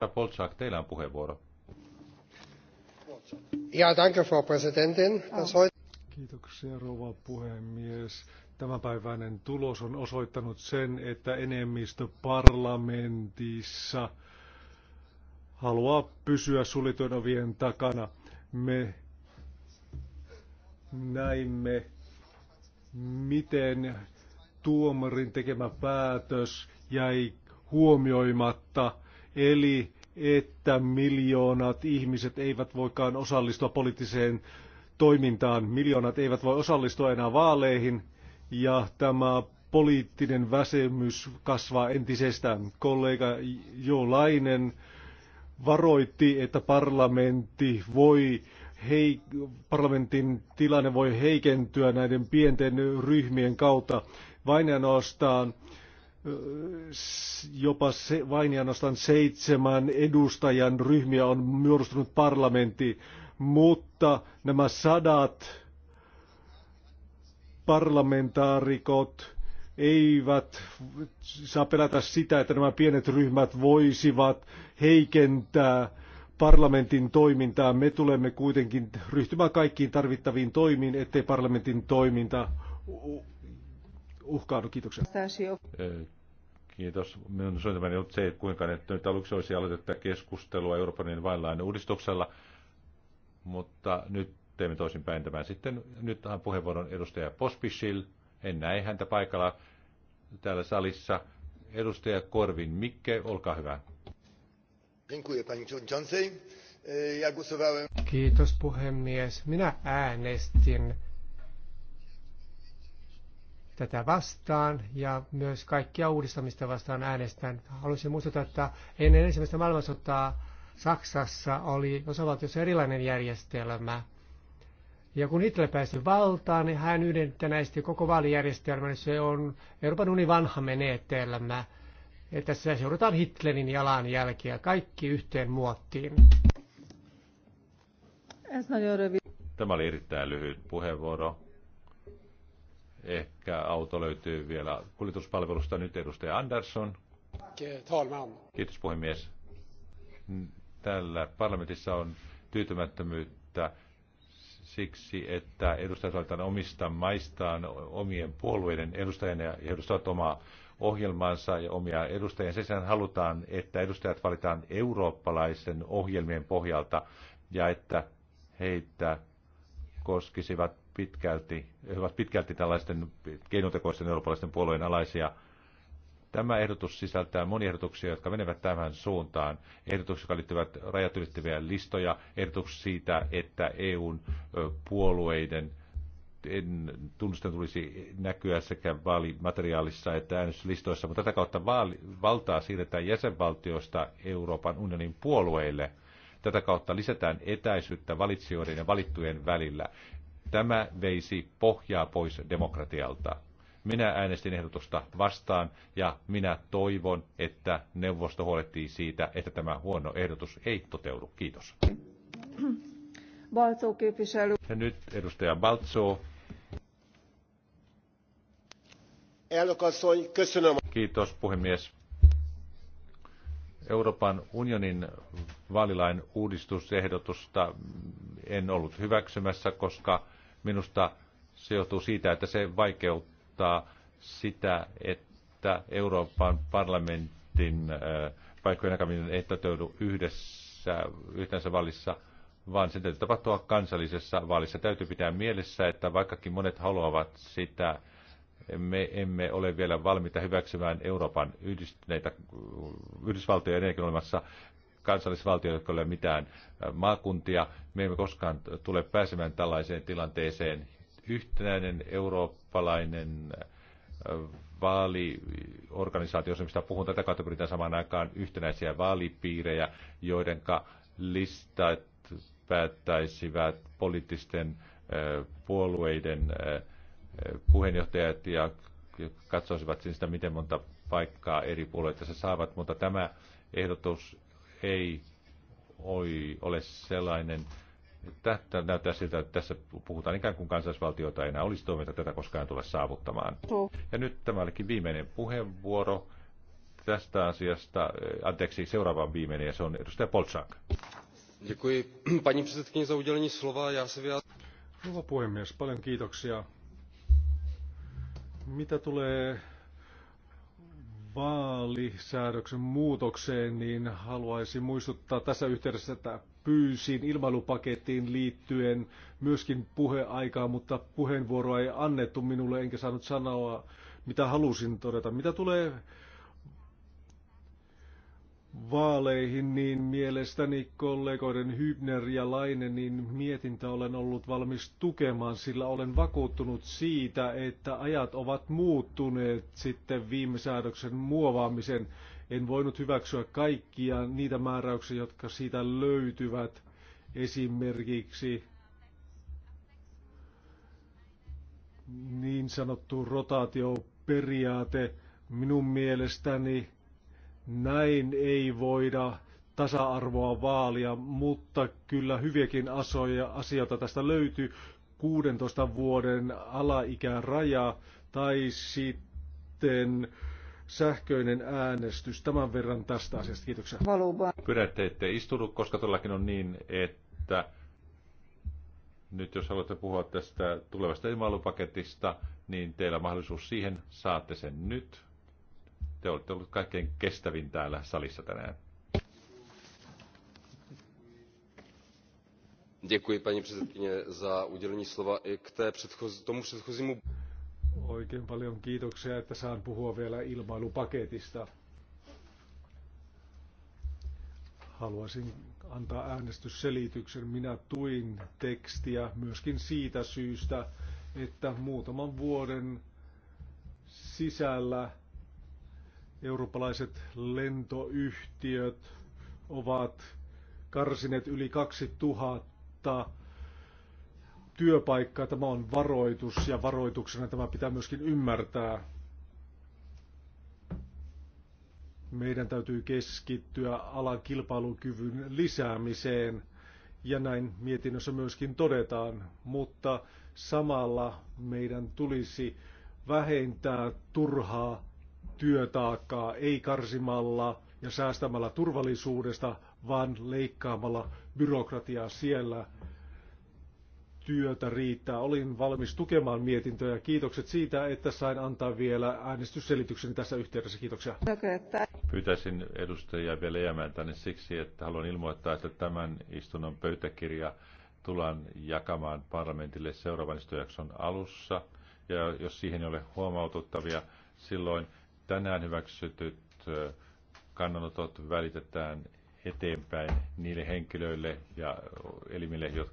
Herra Polczak, teillä on puheenvuoro. Ja, danke, Frau Präsidentin. Oh. Kiitoksia, rouva puhemies. Tämänpäiväinen tulos on osoittanut sen, että enemmistö parlamentissa haluaa pysyä suljetun ovien takana. Me näimme, miten tuomarin tekemä päätös jäi huomioimatta – eli että miljoonat ihmiset eivät voikaan osallistua poliittiseen toimintaan. Miljoonat eivät voi osallistua enää vaaleihin ja tämä poliittinen väsemys kasvaa entisestään. Kollega Jo Lainen varoitti, että parlamentti voi hei, parlamentin tilanne voi heikentyä näiden pienten ryhmien kautta. Vain ainoastaan äh, jopa se, vain ja ainoastaan seitsemän edustajan ryhmiä on muodostunut parlamentti, mutta nämä sadat parlamentaarikot eivät saa pelätä sitä, että nämä pienet ryhmät voisivat heikentää parlamentin toimintaa. Me tulemme kuitenkin ryhtymään kaikkiin tarvittaviin toimiin, ettei parlamentin toiminta uhkaudu. Kiitoksia. Kiitos. Minun suunnitelmani on se, että kuinka että nyt aluksi olisi aloitettu keskustelua Euroopan vainlain uudistuksella, mutta nyt teemme toisinpäin tämän. Sitten nyt tähän puheenvuoron edustaja Pospisil. En näe häntä paikalla täällä salissa. Edustaja Korvin Mikke, olkaa hyvä. E, Kiitos puhemies. Minä äänestin tätä vastaan ja myös kaikkia uudistamista vastaan äänestän. Haluaisin muistuttaa, että ennen ensimmäistä maailmansotaa Saksassa oli osavaltiossa erilainen järjestelmä. Ja kun Hitler pääsi valtaan, niin hän yhdentänäisti koko vaalijärjestelmän. Niin se on Euroopan unin vanha menetelmä. Ja tässä seurataan Hitlerin jalanjälkiä kaikki yhteen muottiin. Tämä oli erittäin lyhyt puheenvuoro. Ehkä auto löytyy vielä kuljetuspalvelusta nyt edustaja Andersson. Kiitos puhemies. Täällä parlamentissa on tyytymättömyyttä siksi, että edustajat valitaan omista maistaan omien puolueiden edustajien ja edustavat omaa ohjelmaansa ja omia edustajien. Sen halutaan, että edustajat valitaan eurooppalaisen ohjelmien pohjalta ja että heitä koskisivat pitkälti, he ovat pitkälti tällaisten keinotekoisten eurooppalaisten puolueen alaisia. Tämä ehdotus sisältää monia ehdotuksia, jotka menevät tähän suuntaan. Ehdotuksia, jotka liittyvät rajat ylittäviä listoja, ehdotuksia siitä, että EUn puolueiden tunnusten tulisi näkyä sekä vaalimateriaalissa että äänestyslistoissa, mutta tätä kautta vaali, valtaa siirretään jäsenvaltioista Euroopan unionin puolueille. Tätä kautta lisätään etäisyyttä valitsijoiden ja valittujen välillä. Tämä veisi pohjaa pois demokratialta. Minä äänestin ehdotusta vastaan ja minä toivon, että neuvosto huolehtii siitä, että tämä huono ehdotus ei toteudu. Kiitos. Ja nyt edustaja Baltso. Kiitos puhemies. Euroopan unionin vaalilain uudistusehdotusta en ollut hyväksymässä, koska Minusta se johtuu siitä, että se vaikeuttaa sitä, että Euroopan parlamentin äh, paikkojen jakaminen ei toteudu yhdessä, yhteensä vallissa, vaan sen täytyy tapahtua kansallisessa vaalissa. Täytyy pitää mielessä, että vaikkakin monet haluavat sitä, me emme ole vielä valmiita hyväksymään Euroopan yhdistyneitä, äh, Yhdysvaltoja edelleenkin olemassa kansallisvaltio, jotka ei ole mitään maakuntia. Me emme koskaan tule pääsemään tällaiseen tilanteeseen. Yhtenäinen eurooppalainen vaaliorganisaatiossa, mistä puhun tätä kautta, pyritään samaan aikaan yhtenäisiä vaalipiirejä, joidenka listat päättäisivät poliittisten puolueiden puheenjohtajat ja katsoisivat sitä, miten monta paikkaa eri puolueita se saavat, mutta tämä ehdotus ei ole sellainen, että näyttää siltä, että tässä puhutaan ikään kuin kansallisvaltiota ei enää olisi toiminta tätä koskaan tule saavuttamaan. Ja nyt tämä olikin viimeinen puheenvuoro tästä asiasta. Äh, anteeksi, seuraava viimeinen ja se on edustaja Poltsak. Děkuji paní předsedkyni za udělení slova. Já se Rouva puhemies, paljon kiitoksia. Mitä tulee vaalisäädöksen muutokseen, niin haluaisin muistuttaa tässä yhteydessä, että pyysin ilmailupakettiin liittyen myöskin puheaikaa, mutta puheenvuoroa ei annettu minulle, enkä saanut sanoa, mitä halusin todeta. Mitä tulee vaaleihin, niin mielestäni kollegoiden Hybner ja niin mietintä olen ollut valmis tukemaan, sillä olen vakuuttunut siitä, että ajat ovat muuttuneet sitten viime säädöksen muovaamisen. En voinut hyväksyä kaikkia niitä määräyksiä, jotka siitä löytyvät. Esimerkiksi niin sanottu rotaatioperiaate minun mielestäni näin ei voida tasa-arvoa vaalia, mutta kyllä hyviäkin asioita tästä löytyy. 16 vuoden alaikäraja tai sitten sähköinen äänestys. Tämän verran tästä asiasta. Kiitoksia. Pyydän, että ette istunut, koska todellakin on niin, että nyt jos haluatte puhua tästä tulevasta ilmailupaketista, niin teillä on mahdollisuus siihen. Saatte sen nyt. Te olette ollut kaikkein kestävin täällä salissa tänään. Děkuji, paní předsedkyně, za udělení slova i k té předchoz, tomu předchozímu. Oikein paljon kiitoksia, että saan puhua vielä ilmailupaketista. Haluaisin antaa äänestysselityksen. Minä tuin tekstiä myöskin siitä syystä, että muutaman vuoden sisällä Eurooppalaiset lentoyhtiöt ovat karsineet yli 2000 työpaikkaa. Tämä on varoitus ja varoituksena tämä pitää myöskin ymmärtää. Meidän täytyy keskittyä alan kilpailukyvyn lisäämiseen ja näin mietinnössä myöskin todetaan, mutta samalla meidän tulisi vähentää turhaa työtaakkaa ei karsimalla ja säästämällä turvallisuudesta, vaan leikkaamalla byrokratiaa siellä. Työtä riittää. Olin valmis tukemaan mietintöä ja kiitokset siitä, että sain antaa vielä äänestysselitykseni tässä yhteydessä. Kiitoksia. Pyytäisin edustajia vielä jäämään tänne siksi, että haluan ilmoittaa, että tämän istunnon pöytäkirja tullaan jakamaan parlamentille seuraavan istuntojakson alussa. Ja jos siihen ei ole huomautettavia, silloin tänään hyväksytyt kannanotot välitetään eteenpäin niille henkilöille ja elimille, jotka